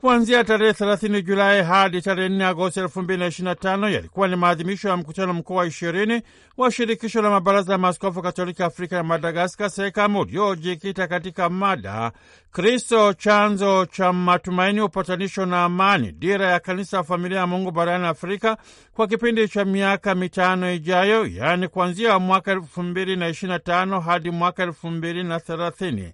kuanzia tarehe 30 Julai hadi tarehe 4 Agosti 2025 yalikuwa ni maadhimisho ya mkutano mkuu wa ishirini wa shirikisho la mabaraza ya maaskofu katoliki Afrika ya Madagaskar, SEKAM, uliojikita katika mada Kristo chanzo cha matumaini, upatanisho na amani, dira ya kanisa ya familia ya Mungu barani Afrika kwa kipindi cha miaka mitano ijayo, yaani kuanzia mwaka 2025 hadi mwaka 2030.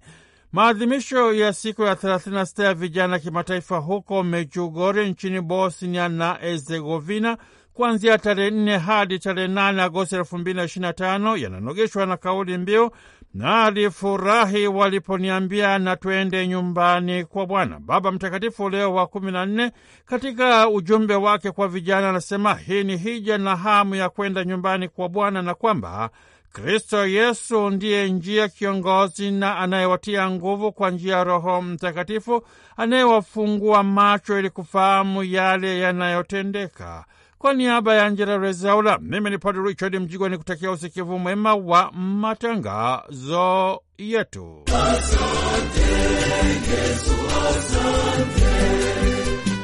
Maadhimisho ya siku ya 36 ya vijana kimataifa huko Mejugori nchini Bosnia na Herzegovina kuanzia tarehe 4 hadi tarehe 8 Agosti 2025 yananogeshwa na kauli mbiu na alifurahi waliponiambia na twende nyumbani kwa Bwana. Baba Mtakatifu Leo wa kumi na nne katika ujumbe wake kwa vijana anasema hii ni hija na hamu ya kwenda nyumbani kwa Bwana na kwamba Kristo Yesu ndiye njia kiongozi na anayewatia nguvu kwa njia ya Roho Mtakatifu anayewafungua macho ili kufahamu yale yanayotendeka. Kwa niaba ya Angela Rezaula, mimi ni Padre Richard Mjigwa ni kutakia usikivu mwema wa matangazo yetu. Asante Yesu, asante.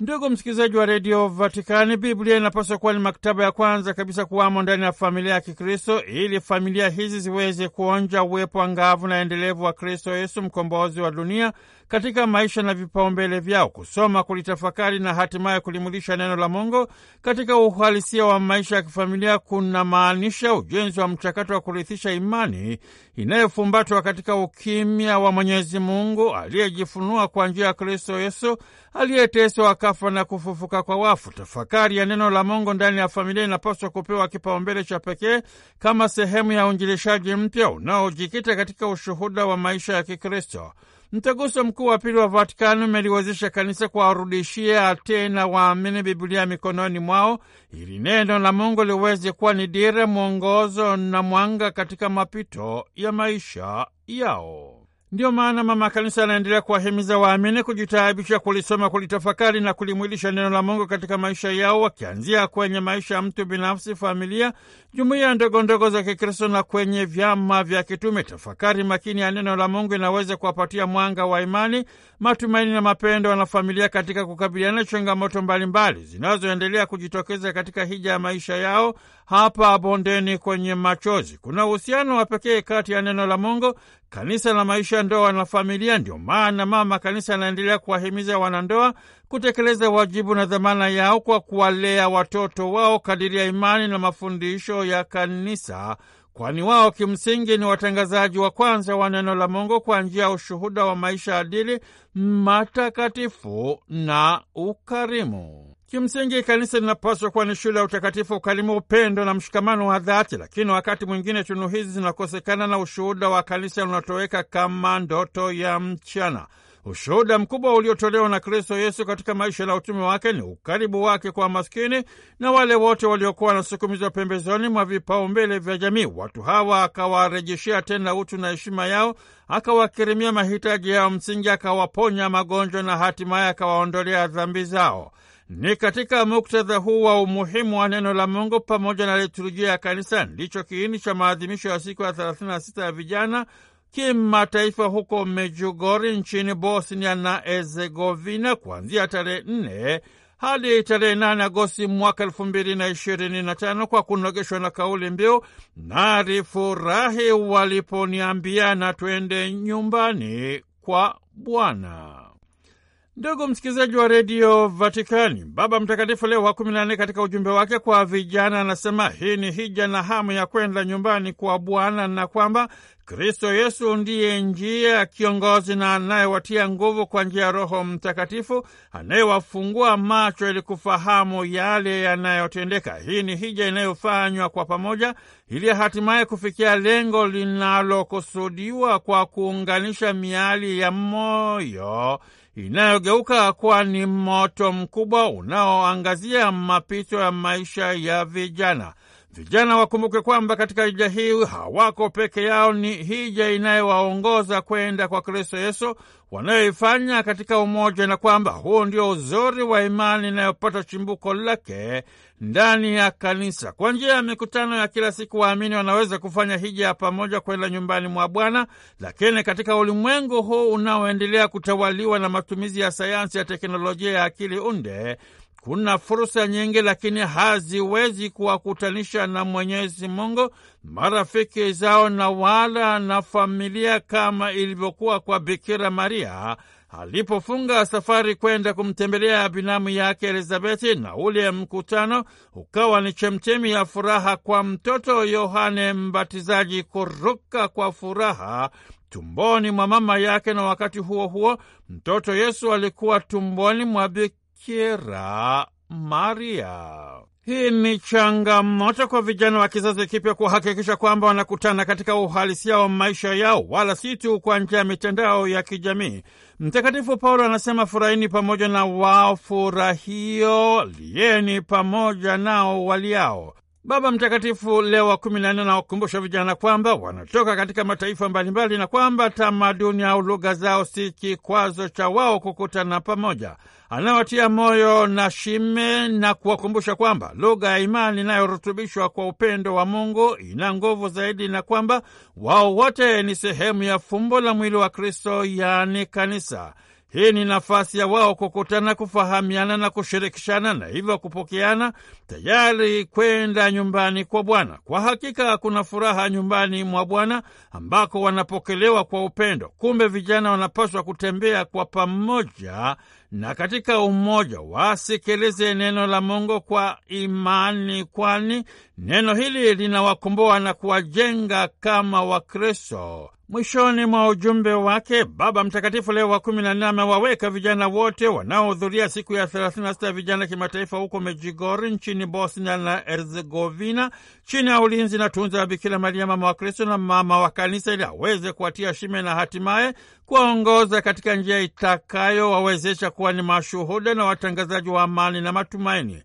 Ndugu msikilizaji wa redio Vatikani, Biblia inapaswa kuwa ni maktaba ya kwanza kabisa kuwamo ndani ya familia ya Kikristo ili familia hizi ziweze kuonja uwepo angavu na endelevu wa Kristo Yesu, mkombozi wa dunia katika maisha na vipaumbele vyao, kusoma, kulitafakari na hatimaye kulimulisha neno la Mungu katika uhalisia wa maisha ya kifamilia kuna maanisha ujenzi wa mchakato wa kurithisha imani inayofumbatwa katika ukimya wa Mwenyezi Mungu aliyejifunua kwa njia ya Kristo Yesu aliyeteswa akafa na kufufuka kwa wafu. Tafakari ya neno la Mungu ndani ya familia inapaswa kupewa kipaumbele cha pekee kama sehemu ya uinjilishaji mpya unaojikita katika ushuhuda wa maisha ya Kikristo. Mtaguso Mkuu wa Pili wa Vatikani umeliwezesha kanisa kuwarudishia tena waamini Bibilia mikononi mwao ili neno la Mungu liweze kuwa ni dira, mwongozo na mwanga katika mapito ya maisha yao. Ndiyo maana mama kanisa anaendelea kuwahimiza waamini kujitaabisha kulisoma, kulitafakari na kulimwilisha neno la Mungu katika maisha yao, wakianzia kwenye maisha ya mtu binafsi, familia, jumuiya ya ndogondogo za Kikristo na kwenye vyama vya kitume. Tafakari makini ya neno la Mungu inaweza kuwapatia mwanga wa imani, matumaini na mapendo wanafamilia katika kukabiliana changamoto mbalimbali zinazoendelea kujitokeza katika hija ya maisha yao hapa bondeni kwenye machozi. Kuna uhusiano wa pekee kati ya neno la Mungu, kanisa la maisha, ndoa na familia. Ndio maana mama kanisa anaendelea kuwahimiza wanandoa kutekeleza wajibu na dhamana yao kwa kuwalea watoto wao kadiri ya imani na mafundisho ya kanisa, kwani wao kimsingi ni watangazaji wa kwanza wa neno la Mungu kwa njia ya ushuhuda wa maisha adili, matakatifu na ukarimu. Kimsingi kanisa linapaswa kuwa ni shule ya utakatifu, ukarimu, upendo na mshikamano wa dhati, lakini wakati mwingine tunu hizi zinakosekana na ushuhuda wa kanisa unatoweka kama ndoto ya mchana. Ushuhuda mkubwa uliotolewa na Kristo Yesu katika maisha na utume wake ni ukaribu wake kwa maskini na wale wote waliokuwa wanasukumizwa pembezoni mwa vipaumbele vya jamii. Watu hawa akawarejeshea tena utu na heshima yao, akawakirimia mahitaji yao msingi, akawaponya magonjwa na hatimaye akawaondolea dhambi zao. Ni katika muktadha huu wa umuhimu wa neno la Mungu pamoja na liturujia ya kanisa ndicho kiini cha maadhimisho ya siku ya 36 ya vijana kimataifa huko Mejugori nchini Bosnia na Herzegovina kuanzia tarehe 4 hadi tarehe 8 Agosti mwaka elfu mbili na ishirini na tano kwa kunogeshwa na kauli mbiu nalifurahi waliponiambia na twende nyumbani kwa Bwana. Ndugu msikilizaji wa redio Vatikani, Baba Mtakatifu Leo wa kumi na nne katika ujumbe wake kwa vijana anasema hii ni hija na hamu ya kwenda nyumbani kwa Bwana na kwamba Kristo Yesu ndiye njia ya kiongozi na anayewatia nguvu kwa njia ya Roho Mtakatifu, anayewafungua macho ili kufahamu yale yanayotendeka. Hii ni hija inayofanywa kwa pamoja, ili hatimaye kufikia lengo linalokusudiwa kwa kuunganisha miali ya moyo inayogeuka kuwa ni moto mkubwa unaoangazia mapito ya maisha ya vijana. Vijana wakumbuke kwamba katika hija hii hawako peke yao, ni hija inayowaongoza kwenda kwa Kristo Yesu wanayoifanya katika umoja, na kwamba huo ndio uzuri wa imani inayopata chimbuko lake ndani ya kanisa. Kwa njia ya mikutano ya kila siku, waamini wanaweza kufanya hija ya pamoja kwenda nyumbani mwa Bwana. Lakini katika ulimwengu huu unaoendelea kutawaliwa na matumizi ya sayansi ya teknolojia ya akili unde kuna fursa nyingi lakini haziwezi kuwakutanisha na Mwenyezi Mungu marafiki zao na wala na familia, kama ilivyokuwa kwa Bikira Maria alipofunga safari kwenda kumtembelea binamu yake Elizabeti, na ule mkutano ukawa ni chemchemi ya furaha kwa mtoto Yohane Mbatizaji kuruka kwa furaha tumboni mwa mama yake, na wakati huo huo mtoto Yesu alikuwa tumboni mwa Bikira Maria. Hii ni changamoto kwa vijana wa kizazi kipya kuhakikisha kwamba wanakutana katika uhalisia wa maisha yao, wala si tu kwa njia ya mitandao ya kijamii. Mtakatifu Paulo anasema, furahini pamoja na furahio lieni pamoja nao waliao. Baba Mtakatifu Leo wa kumi na nne anawakumbusha vijana kwamba wanatoka katika mataifa mbalimbali na kwamba tamaduni au lugha zao si kikwazo cha wao kukutana pamoja. Anawatia moyo na shime na kuwakumbusha kwamba lugha ya imani inayorutubishwa kwa upendo wa Mungu ina nguvu zaidi na kwamba wao wote ni sehemu ya fumbo la mwili wa Kristo, yaani kanisa. Hii ni nafasi ya wao kukutana, kufahamiana na kushirikishana na hivyo kupokeana tayari kwenda nyumbani kwa Bwana. Kwa hakika kuna furaha nyumbani mwa Bwana ambako wanapokelewa kwa upendo. Kumbe vijana wanapaswa kutembea kwa pamoja na katika umoja wasikilize neno la Mungu kwa imani, kwani neno hili linawakomboa na kuwajenga kama Wakristo. Mwishoni mwa ujumbe wake Baba Mtakatifu Leo wa kumi na amewaweka vijana wote wanaohudhuria siku ya 36 vijana kimataifa huko Mejigori nchini Bosnia na Herzegovina chini ya ulinzi na tunza ya Bikira Maria, mama wa Kristo na mama wa Kanisa, ili aweze kuwatia shime na hatimaye kuwaongoza katika njia itakayowawezesha kuwa ni mashuhuda na watangazaji wa amani na matumaini.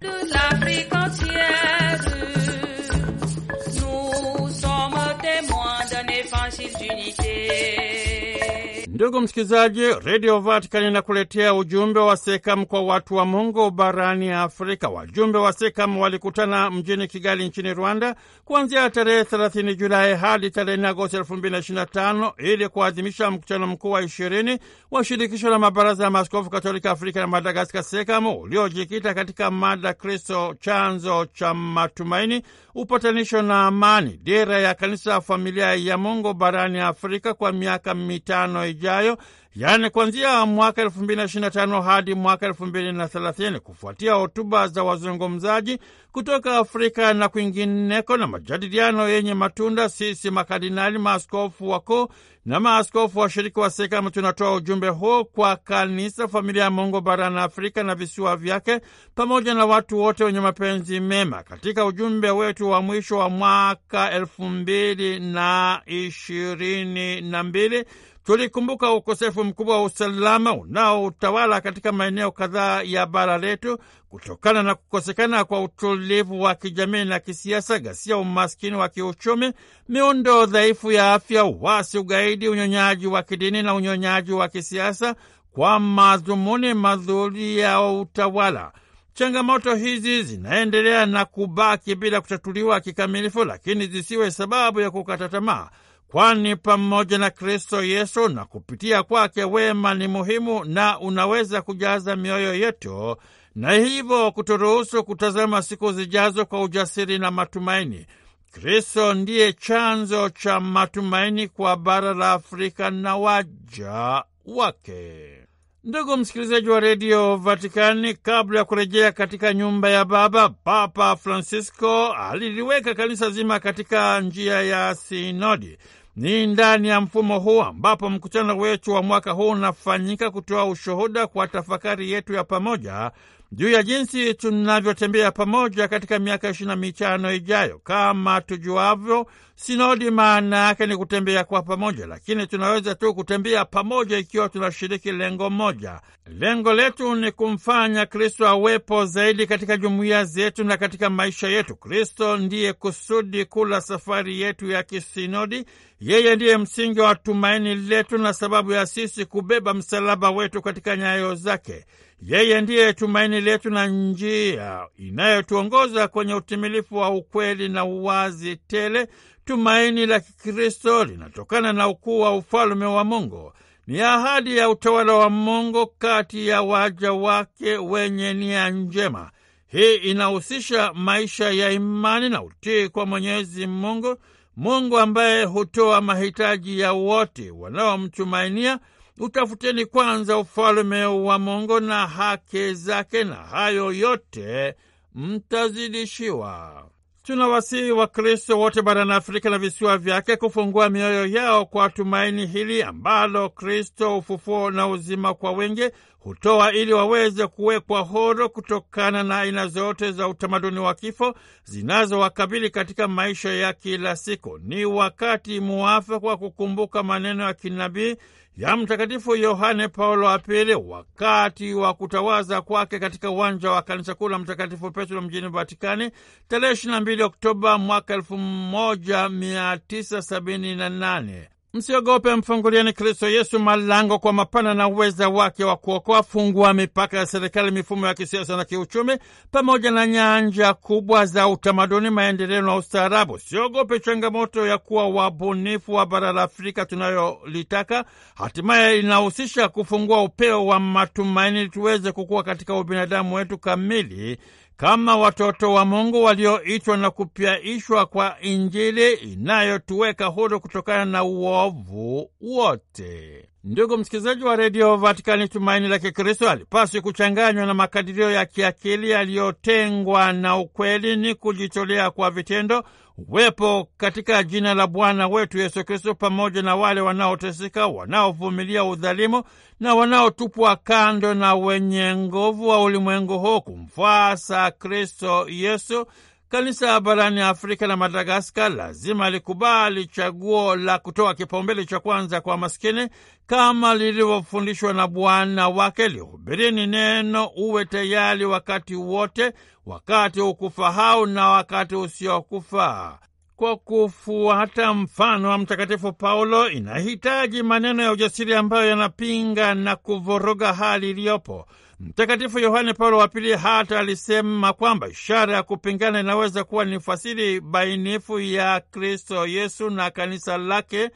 Ndugu msikilizaji, redio Vatikani inakuletea ujumbe wa SEKAM kwa watu wa Mungu barani Afrika. Wajumbe wa SEKAM walikutana mjini Kigali nchini Rwanda kuanzia tarehe 30 Julai hadi tarehe 4 Agosti 2025 ili kuadhimisha mkutano mkuu wa ishirini wa shirikisho la mabaraza ya maaskofu katolika Afrika na Madagaskar, SEKAM, uliojikita katika mada Kristo chanzo cha matumaini, upatanisho na amani, dira ya kanisa, familia ya Mungu barani Afrika kwa miaka mitano ijayo ijayo, yaani kuanzia mwaka elfu mbili na tano hadi mwaka elfu mbili na thelathini kufuatia hotuba za wazungumzaji kutoka Afrika na kwingineko na majadiliano yenye matunda, sisi makardinali, maaskofu wakuu na maaskofu washiriki wa SEKAMU tunatoa ujumbe huo kwa kanisa, familia ya Mungu barani Afrika na visiwa vyake, pamoja na watu wote wenye mapenzi mema. Katika ujumbe wetu wa mwisho wa mwaka elfu mbili na ishirini na mbili tulikumbuka ukosefu mkubwa wa usalama unaoutawala katika maeneo kadhaa ya bara letu kutokana na kukosekana kwa utulivu wa kijamii na kisiasa, ghasia, umaskini wa kiuchumi, miundo dhaifu ya afya, uasi, ugaidi, unyonyaji wa kidini na unyonyaji wa kisiasa kwa madhumuni madhuri ya utawala. Changamoto hizi zinaendelea na kubaki bila kutatuliwa kikamilifu, lakini zisiwe sababu ya kukata tamaa kwani pamoja na Kristo Yesu na kupitia kwake wema ni muhimu na unaweza kujaza mioyo yetu na hivyo kuturuhusu kutazama siku zijazo kwa ujasiri na matumaini. Kristo ndiye chanzo cha matumaini kwa bara la Afrika na waja wake. Ndugu msikilizaji wa redio Vatikani, kabla ya kurejea katika nyumba ya Baba, Papa Francisco aliliweka kanisa zima katika njia ya sinodi. Ni ndani ya mfumo huu ambapo mkutano wetu wa mwaka huu unafanyika kutoa ushuhuda kwa tafakari yetu ya pamoja juu ya jinsi tunavyotembea pamoja katika miaka ishirini na mitano ijayo. Kama tujuavyo, sinodi maana yake ni kutembea kwa pamoja, lakini tunaweza tu kutembea pamoja ikiwa tunashiriki lengo moja. Lengo letu ni kumfanya Kristo awepo zaidi katika jumuiya zetu na katika maisha yetu. Kristo ndiye kusudi kuu la safari yetu ya kisinodi yeye ndiye msingi wa tumaini letu na sababu ya sisi kubeba msalaba wetu katika nyayo zake. Yeye ndiye tumaini letu na njia inayotuongoza kwenye utimilifu wa ukweli na uwazi tele. Tumaini la Kikristo linatokana na ukuu wa ufalume wa Mungu, ni ahadi ya utawala wa Mungu kati ya waja wake wenye nia njema. Hii inahusisha maisha ya imani na utii kwa Mwenyezi Mungu Mungu ambaye hutoa mahitaji ya wote wanaomtumainia. Utafuteni kwanza ufalme wa Mungu na haki zake, na hayo yote mtazidishiwa. Tunawasihi Wakristo wote barani Afrika na visiwa vyake kufungua mioyo yao kwa tumaini hili ambalo Kristo, ufufuo na uzima kwa wengi hutoa ili waweze kuwekwa huru kutokana na aina zote za utamaduni wa kifo zinazowakabili katika maisha ya kila siku. Ni wakati muafaka wa kukumbuka maneno ya kinabii ya Mtakatifu Yohane Paulo wa Pili wakati wa kutawaza kwake katika uwanja wa kanisa kuu la Mtakatifu Petro mjini Vatikani tarehe 22 Oktoba mwaka 1978. Msiogope, mfungulieni Kristo Yesu malango kwa mapana na uweza wake wa kuokoa. Fungua mipaka ya serikali, mifumo ya kisiasa na kiuchumi, pamoja na nyanja kubwa za utamaduni, maendeleo na ustaarabu. siogope changamoto ya kuwa wabunifu wa bara la Afrika tunayolitaka. Hatimaye inahusisha kufungua upeo wa matumaini, tuweze kukua katika ubinadamu wetu kamili kama watoto wa Mungu walioitwa na kupyaishwa kwa Injili inayotuweka huru kutokana na uovu wote. Ndugu msikilizaji wa redio Vatikani, tumaini la Kikristo alipaswi kuchanganywa na makadirio ya kiakili yaliyotengwa na ukweli. Ni kujitolea kwa vitendo, uwepo katika jina la Bwana wetu Yesu Kristo pamoja na wale wanaoteseka, wanaovumilia udhalimu na wanaotupwa kando na wenye nguvu wa ulimwengu huu, kumfuasa Kristo Yesu Kanisa barani Afrika na Madagaskar lazima likubali chaguo la kutoa kipaumbele cha kwanza kwa maskini kama lilivyofundishwa na Bwana wake, lihubirini neno, uwe tayari wakati wote, wakati ukufahau na wakati usiokufaa. Kwa kufuata mfano wa Mtakatifu Paulo, inahitaji maneno ya ujasiri ambayo yanapinga na kuvoroga hali iliyopo. Mtakatifu Yohane Paulo wa Pili hata alisema kwamba ishara ya kupingana inaweza kuwa ni fasiri bainifu ya Kristo Yesu na kanisa lake,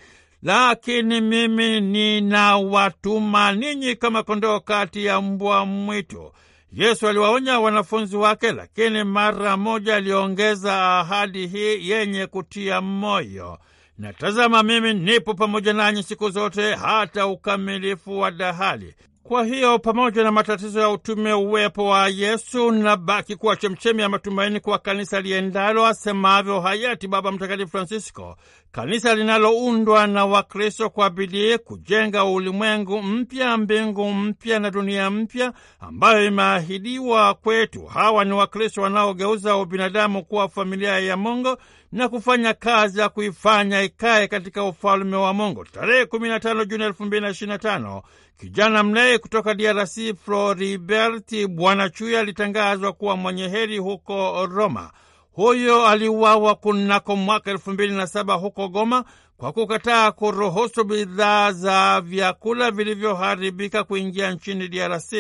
lakini mimi ninawatuma ninyi kama kondoo kati ya mbwa mwitu. Yesu aliwaonya wanafunzi wake, lakini mara moja aliongeza ahadi hii yenye kutia moyo: na tazama, mimi nipo pamoja nanyi siku zote hata ukamilifu wa dahali. Kwa hiyo pamoja na matatizo ya utume, uwepo wa Yesu unabaki kuwa chemchemi ya matumaini kwa kanisa liendalo, asemavyo hayati Baba Mtakatifu Francisco, kanisa linaloundwa na Wakristo kwa bidii kujenga ulimwengu mpya, mbingu mpya na dunia mpya ambayo imeahidiwa kwetu. Hawa ni Wakristo wanaogeuza ubinadamu kuwa familia ya Mungu na kufanya kazi ya kuifanya ikae katika ufalume wa Mungu. Tarehe 15 Juni 2025, kijana mlei kutoka DRC Floriberti Bwana Chuya alitangazwa kuwa mwenye heri huko Roma. Huyo aliuawa kunako mwaka 27 huko Goma kwa kukataa kuruhusu bidhaa za vyakula vilivyoharibika kuingia nchini DRC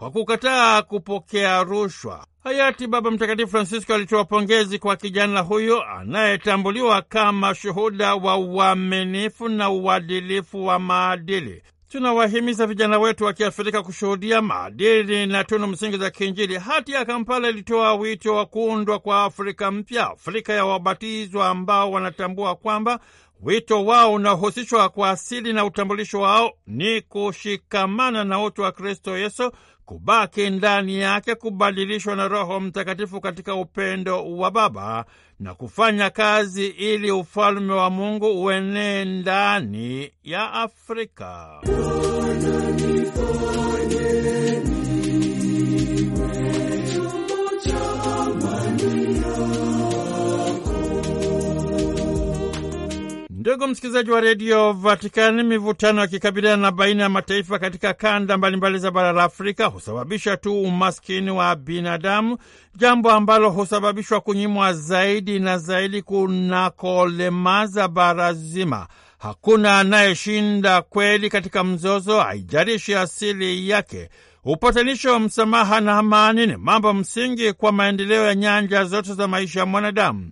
kwa kukataa kupokea rushwa. Hayati Baba Mtakatifu Francisco alitoa pongezi kwa kijana huyo anayetambuliwa kama shuhuda wa uaminifu na uadilifu wa maadili. Tunawahimiza vijana wetu wa Kiafrika kushuhudia maadili na tunu msingi za kiinjili. Hati ya Kampala ilitoa wito wa kuundwa kwa Afrika mpya, Afrika ya wabatizwa ambao wanatambua kwamba wito wao unaohusishwa kwa asili na utambulisho wao ni kushikamana na utu wa Kristo Yesu kubaki ndani yake, kubadilishwa na Roho Mtakatifu katika upendo wa Baba na kufanya kazi ili ufalme wa Mungu uenee ndani ya Afrika. Bwana nifanye Ndugu msikilizaji wa redio Vatikani, mivutano ya kikabila na baina ya mataifa katika kanda mbalimbali za bara la Afrika husababisha tu umaskini wa binadamu, jambo ambalo husababishwa kunyimwa zaidi na zaidi kunakolemaza bara zima. Hakuna anayeshinda kweli katika mzozo, haijalishi asili yake. Upatanisho wa msamaha na amani ni mambo msingi kwa maendeleo ya nyanja zote za maisha ya mwanadamu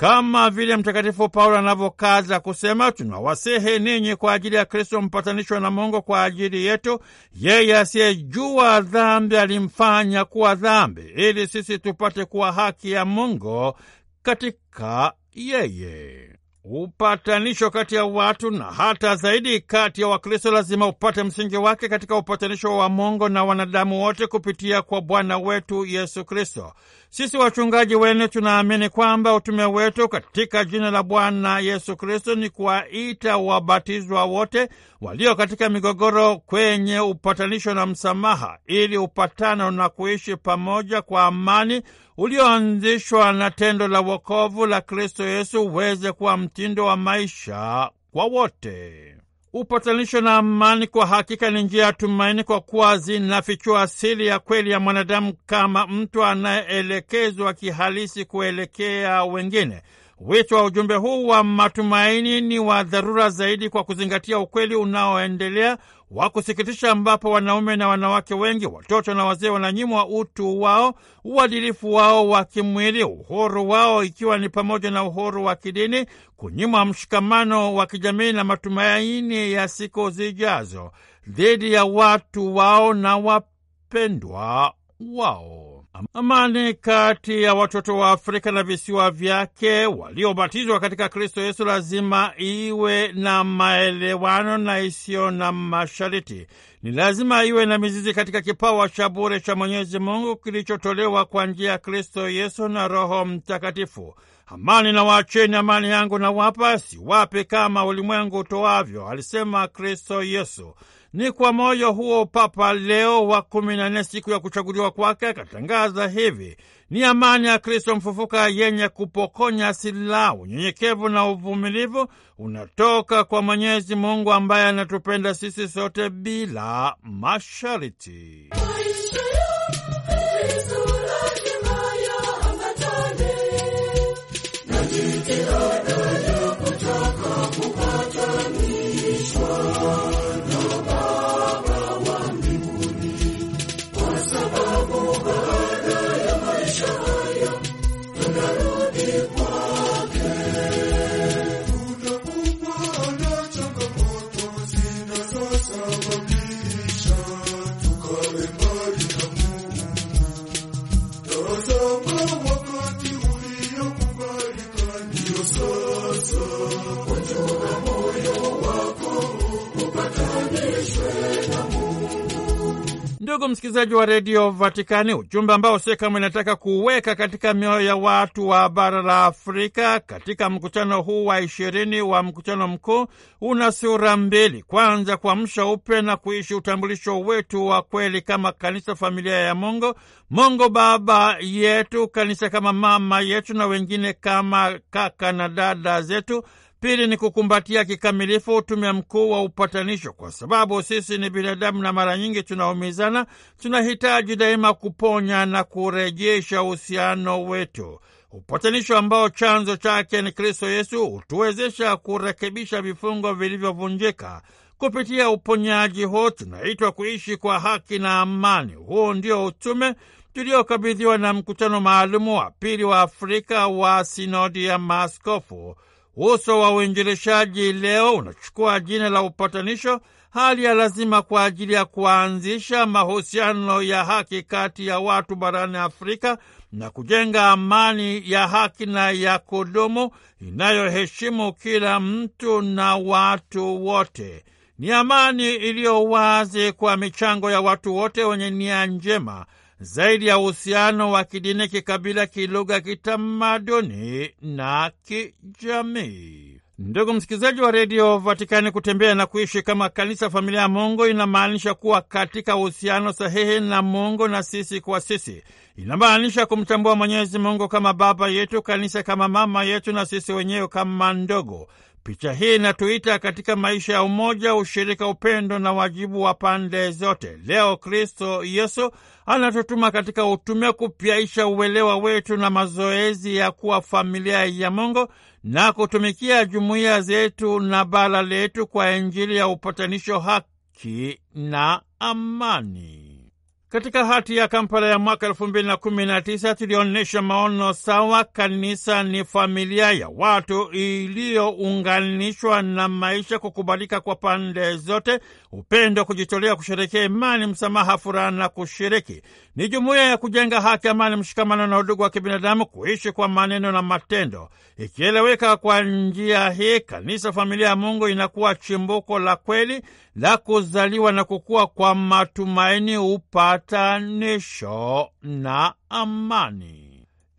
kama vile Mtakatifu Paulo anavyokaza kusema, tunawasihi ninyi kwa ajili ya Kristo, mpatanishwa na Mungu kwa ajili yetu. Yeye asiyejua dhambi alimfanya kuwa dhambi, ili sisi tupate kuwa haki ya Mungu katika yeye. Upatanisho kati ya watu na hata zaidi kati ya Wakristo lazima upate msingi wake katika upatanisho wa Mungu na wanadamu wote kupitia kwa Bwana wetu Yesu Kristo. Sisi wachungaji wenu tunaamini kwamba utume wetu katika jina la Bwana Yesu Kristo ni kuwaita wabatizwa wote walio katika migogoro kwenye upatanisho na msamaha, ili upatano na kuishi pamoja kwa amani ulioanzishwa na tendo la wokovu la Kristo Yesu uweze kuwa mtindo wa maisha kwa wote upatanisho na amani kwa hakika ni njia ya tumaini, kwa kuwa zinafichua asili ya kweli ya mwanadamu kama mtu anayeelekezwa kihalisi kuelekea wengine. Wito wa ujumbe huu wa matumaini ni wa dharura zaidi kwa kuzingatia ukweli unaoendelea wa kusikitisha ambapo wanaume na wanawake wengi, watoto na wazee wananyimwa utu wao, uadilifu wao wa kimwili, uhuru wao ikiwa ni pamoja na uhuru wa kidini, kunyimwa mshikamano wa kijamii na matumaini ya siku zijazo dhidi ya watu wao na wapendwa wao. Amani kati ya watoto wa Afrika na visiwa vyake waliobatizwa katika Kristo Yesu lazima iwe na maelewano na isiyo na masharti. Ni lazima iwe na mizizi katika kipawa cha bure cha Mwenyezi Mungu kilichotolewa kwa njia ya Kristo Yesu na Roho Mtakatifu. Amani na wacheni, amani yangu na wapa, siwape kama ulimwengu utoavyo, alisema Kristo Yesu. Ni kwa moyo huo Papa Leo wa kumi na nne siku ya kuchaguliwa kwake akatangaza hivi: ni amani ya Kristo mfufuka yenye kupokonya silaha, unyenyekevu na uvumilivu unatoka kwa Mwenyezi Mungu ambaye anatupenda sisi sote bila masharti. msikilizaji wa redio Vatikani, ujumbe ambao kama inataka kuweka katika mioyo ya watu wa bara la Afrika katika mkutano huu wa ishirini wa mkutano mkuu una sura mbili. Kwanza, kuamsha upya na kuishi utambulisho wetu wa kweli kama kanisa, familia ya Mungu, Mungu baba yetu, kanisa kama mama yetu, na wengine kama kaka na dada zetu Pili ni kukumbatia kikamilifu utume mkuu wa upatanisho, kwa sababu sisi ni binadamu na mara nyingi tunaumizana. Tunahitaji daima kuponya na kurejesha uhusiano wetu. Upatanisho ambao chanzo chake ni Kristo Yesu hutuwezesha kurekebisha vifungo vilivyovunjika. Kupitia uponyaji huu tunaitwa kuishi kwa haki na amani. Huo ndio utume tuliokabidhiwa na mkutano maalumu wa pili wa Afrika wa sinodi ya maaskofu. Uso wa uinjilishaji leo unachukua jina la upatanisho, hali ya lazima kwa ajili ya kuanzisha mahusiano ya haki kati ya watu barani Afrika na kujenga amani ya haki na ya kudumu inayoheshimu kila mtu na watu wote. Ni amani iliyo wazi kwa michango ya watu wote wenye nia njema zaidi ya uhusiano wa kidini, kikabila, kilugha, kitamaduni na kijamii. Ndugu msikilizaji wa redio Vatikani, kutembea na kuishi kama kanisa familia ya Mungu inamaanisha kuwa katika uhusiano sahihi na Mungu na sisi kwa sisi. Inamaanisha kumtambua Mwenyezi Mungu kama Baba yetu, kanisa kama mama yetu, na sisi wenyewe kama ndogo Picha hii inatuita katika maisha ya umoja, ushirika, upendo na wajibu wa pande zote. Leo Kristo Yesu anatutuma katika utume kupyaisha uelewa wetu na mazoezi ya kuwa familia ya Mungu na kutumikia jumuiya zetu na bara letu kwa Injili ya upatanisho, haki na amani. Katika hati ya Kampala ya mwaka elfu mbili na kumi na tisa tulionyesha maono sawa. Kanisa ni familia ya watu iliyounganishwa na maisha, kukubalika kwa pande zote, upendo, kujitolea, kusherekea imani, msamaha, furaha na kushiriki. Ni jumuiya ya kujenga haki, amani, mshikamano na udugu wa kibinadamu, kuishi kwa maneno na matendo. Ikieleweka kwa njia hii, kanisa familia ya Mungu inakuwa chimbuko la kweli la kuzaliwa na kukua kwa matumaini, upatanisho na amani.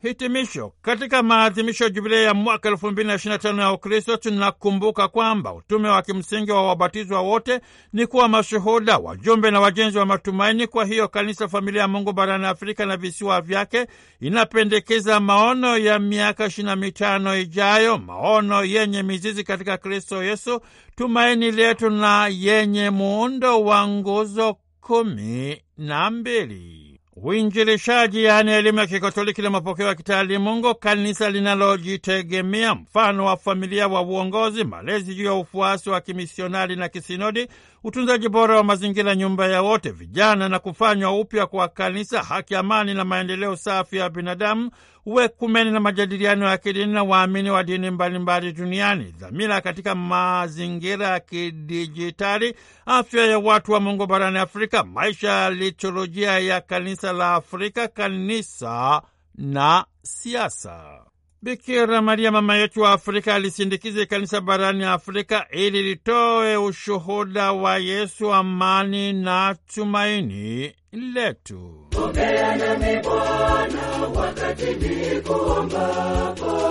Hitimisho. Katika maadhimisho ya jubilei ya mwaka elfu mbili na ishirini na tano ya Ukristo, tunakumbuka kwamba utume wa kimsingi wa wabatizwa wote ni kuwa mashuhuda, wajumbe na wajenzi wa matumaini. Kwa hiyo, Kanisa Familia ya Mungu barani Afrika na visiwa vyake inapendekeza maono ya miaka ishirini na mitano ijayo, maono yenye mizizi katika Kristo Yesu, tumaini letu, na yenye muundo wa nguzo kumi na mbili uinjilishaji, yaani elimu ya Kikatoliki na mapokeo ya kitaalimungu, kanisa linalojitegemea, mfano wa familia wa uongozi, malezi juu ya ufuasi wa kimisionari na kisinodi utunzaji bora wa mazingira, nyumba ya wote, vijana na kufanywa upya kwa kanisa, haki, amani na maendeleo safi ya binadamu, wekumeni na majadiliano ya kidini na waamini wa dini mbalimbali duniani, dhamira katika mazingira ya kidijitali, afya ya watu wa Mungu barani Afrika, maisha ya liturujia ya kanisa la Afrika, kanisa na siasa. Bikira Maria mama yetu wa Afrika alisindikize kanisa barani Afrika ili litoe ushuhuda wa Yesu, amani na tumaini letu. nami Bwana wakati nikuombapo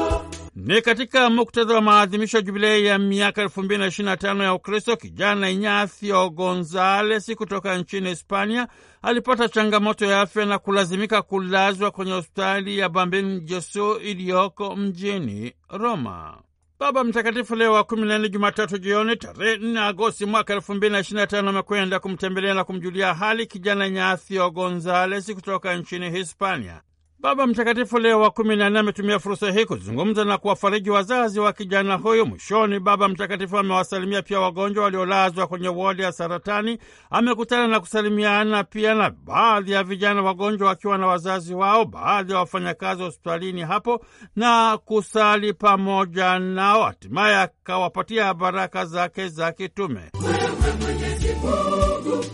ni katika muktadha wa maadhimisho ya jubilei ya miaka elfu mbili na ishirini na tano ya Ukristo, kijana Inyathio Gonzalesi kutoka nchini Hispania alipata changamoto ya afya na kulazimika kulazwa kwenye hospitali ya Bambin Jesu iliyoko mjini Roma. Baba Mtakatifu Leo wa kumi na nne Jumatatu jioni tarehe nne Agosti mwaka elfu mbili na ishirini na tano amekwenda kumtembelea na kumjulia hali kijana Nyathio Gonzalesi kutoka nchini Hispania. Baba Mtakatifu Leo wa kumi na nne ametumia fursa hii kuzungumza na kuwafariji wazazi wa kijana huyu. Mwishoni, Baba Mtakatifu amewasalimia pia wagonjwa waliolazwa kwenye wodi ya saratani. Amekutana na kusalimiana pia na baadhi ya vijana wagonjwa wakiwa na wazazi wao, baadhi ya wafanyakazi hospitalini hapo na kusali pamoja nao. Hatimaye akawapatia baraka zake za kitume. Wewe Mwenyezi Mungu,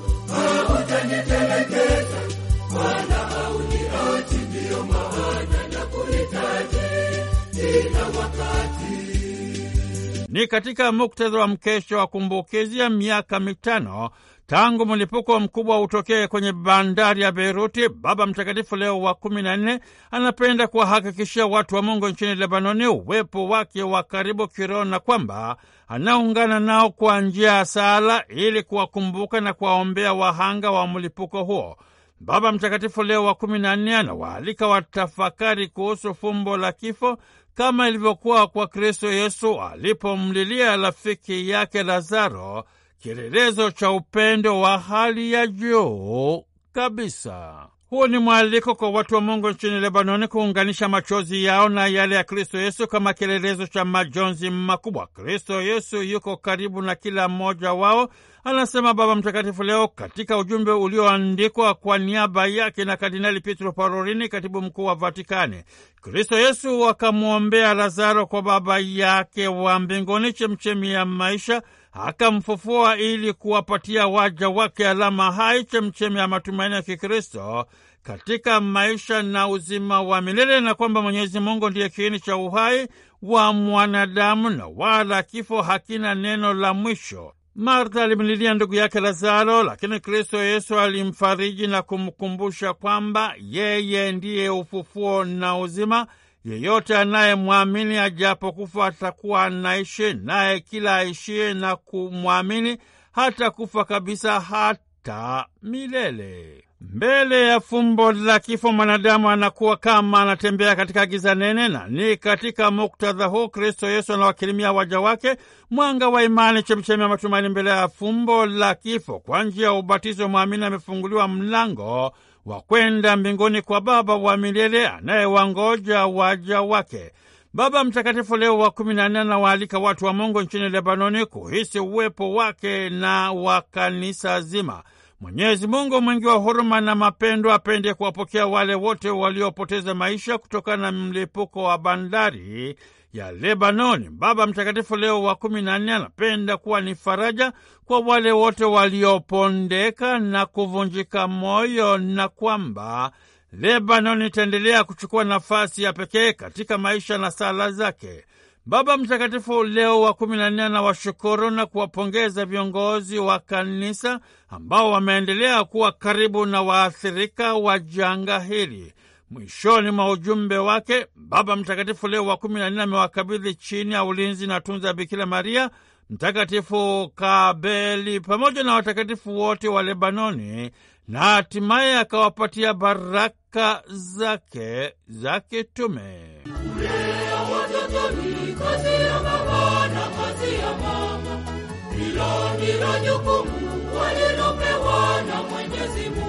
Ni katika muktadha wa mkesha wa kumbukizia miaka mitano tangu mlipuko mkubwa utokee kwenye bandari ya Beiruti, Baba Mtakatifu Leo wa kumi na nne anapenda kuwahakikishia watu wa Mungu nchini Lebanoni uwepo wake wa karibu kiroho na kwamba anaungana nao kwa njia ya sala ili kuwakumbuka na kuwaombea wahanga wa mlipuko huo. Baba Mtakatifu Leo wa kumi na nne anawaalika watafakari kuhusu fumbo la kifo kama ilivyokuwa kwa Kristo Yesu alipomlilia rafiki yake Lazaro, kielelezo cha upendo wa hali ya juu kabisa. Huu ni mwaliko kwa watu wa Mungu nchini Lebanoni kuunganisha machozi yao na yale ya Kristo Yesu kama kielelezo cha majonzi makubwa. Kristo Yesu yuko karibu na kila mmoja wao, anasema Baba Mtakatifu leo katika ujumbe ulioandikwa kwa niaba yake na Kardinali Pietro Parolini, katibu mkuu wa Vatikani. Kristo Yesu akamwombea Lazaro kwa Baba yake wa mbinguni, chemchemi ya maisha akamfufua ili kuwapatia waja wake alama hai, chemchemi ya matumaini ya Kikristo katika maisha na uzima wa milele, na kwamba Mwenyezi Mungu ndiye kiini cha uhai wa mwanadamu na wala kifo hakina neno la mwisho. Martha alimlilia ndugu yake Lazaro, lakini Kristo Yesu alimfariji na kumkumbusha kwamba yeye ndiye ufufuo na uzima Yeyote anayemwamini kufa atakuwa anaishi naye, kila aishiye na kumwamini hata kufa kabisa, hata milele. Mbele ya fumbo la kifo, mwanadamu anakuwa kama anatembea katika giza nene, na ni katika muktadha huu Kristo Yesu anawakirimia waja wake mwanga wa imani, chemchemi ya matumaini mbele ya fumbo la kifo. Kwa njia ya ubatizo, mwamini amefunguliwa mlango wa kwenda mbinguni kwa Baba wa milele anayewangoja waja wake. Baba Mtakatifu Leo wa kumi na nne anawaalika watu wa Mungu nchini Lebanoni kuhisi uwepo wake na wa kanisa zima. Mwenyezi Mungu mwingi wa huruma na mapendo apende kuwapokea wale wote waliopoteza maisha kutokana na mlipuko wa bandari ya Lebanoni. Baba Mtakatifu Leo wa kumi na nne anapenda kuwa ni faraja kwa wale wote waliopondeka na kuvunjika moyo, na kwamba Lebanoni itaendelea kuchukua nafasi ya pekee katika maisha na sala zake. Baba Mtakatifu Leo wa kumi na nne anawashukuru na kuwapongeza viongozi wa kanisa ambao wameendelea kuwa karibu na waathirika wa janga hili. Mwishoni mwa ujumbe wake, Baba Mtakatifu Leo wa kumi na nne amewakabidhi chini ya ulinzi na tunza Bikira Maria, Mtakatifu Kabeli pamoja na watakatifu wote wa Lebanoni, na hatimaye akawapatia baraka zake za kitume. Ndilo ndilo jukumu walilopewa na Mwenyezi Mungu.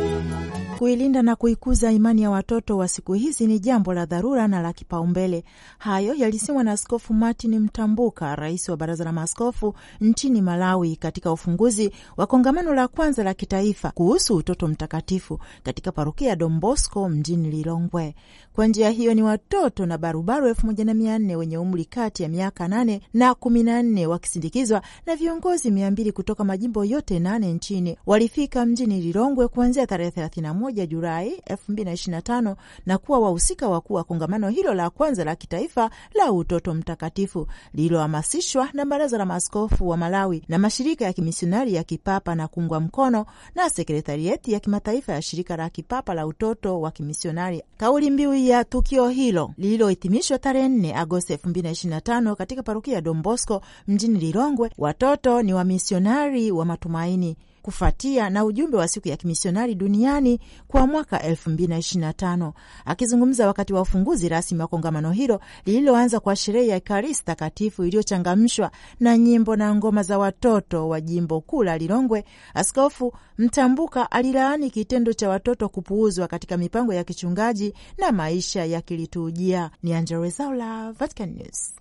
Kuilinda na kuikuza imani ya watoto wa siku hizi ni jambo la dharura na la kipaumbele. Hayo yalisemwa na Askofu Martin Mtambuka, rais wa Baraza la Maaskofu nchini Malawi, katika ufunguzi wa kongamano la kwanza la kitaifa kuhusu utoto mtakatifu katika parokia ya Dombosco mjini Lilongwe. Kwa njia hiyo ni watoto na barubaru elfu moja na mia nne wenye umri kati ya miaka nane na kumi na nne wakisindikizwa na viongozi mia mbili kutoka majimbo yote nane nchini walifika mjini Lilongwe kuanzia tarehe 31 1 Julai 2025 na kuwa wahusika wakuu wa kongamano hilo la kwanza la kitaifa la utoto mtakatifu lililohamasishwa na Baraza la Maaskofu wa Malawi na mashirika ya kimisionari ya kipapa na kuungwa mkono na sekretarieti ya kimataifa ya shirika la kipapa la utoto wa kimisionari. Kauli mbiu ya tukio hilo lililohitimishwa tarehe 4 Agosti 2025 katika parokia ya Dombosco mjini Lilongwe, watoto ni wamisionari wa matumaini kufuatia na ujumbe wa siku ya kimisionari duniani kwa mwaka 2025. Akizungumza wakati wa ufunguzi rasmi wa kongamano hilo lililoanza kwa sherehe ya Ekaristi Takatifu iliyochangamshwa na nyimbo na ngoma za watoto wa jimbo kuu la Lilongwe, Askofu Mtambuka alilaani kitendo cha watoto kupuuzwa katika mipango ya kichungaji na maisha ya kiliturujia. Ni Angella Rwezaula, Vatican News.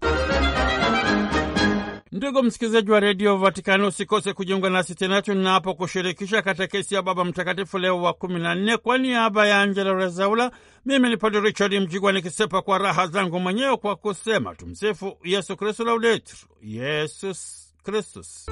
Ndugu msikilizaji wa redio Vatikani, usikose kujiunga nasi tena kushirikisha katekesi ya Baba Mtakatifu Leo wa kumi na nne. Kwa niaba ya Angela Rezaula, mimi ni Padre Richard Mjigwa nikisepa kwa raha zangu mwenyewe kwa kusema tumsifu Yesu Kristu, laudetur Yesus Kristus.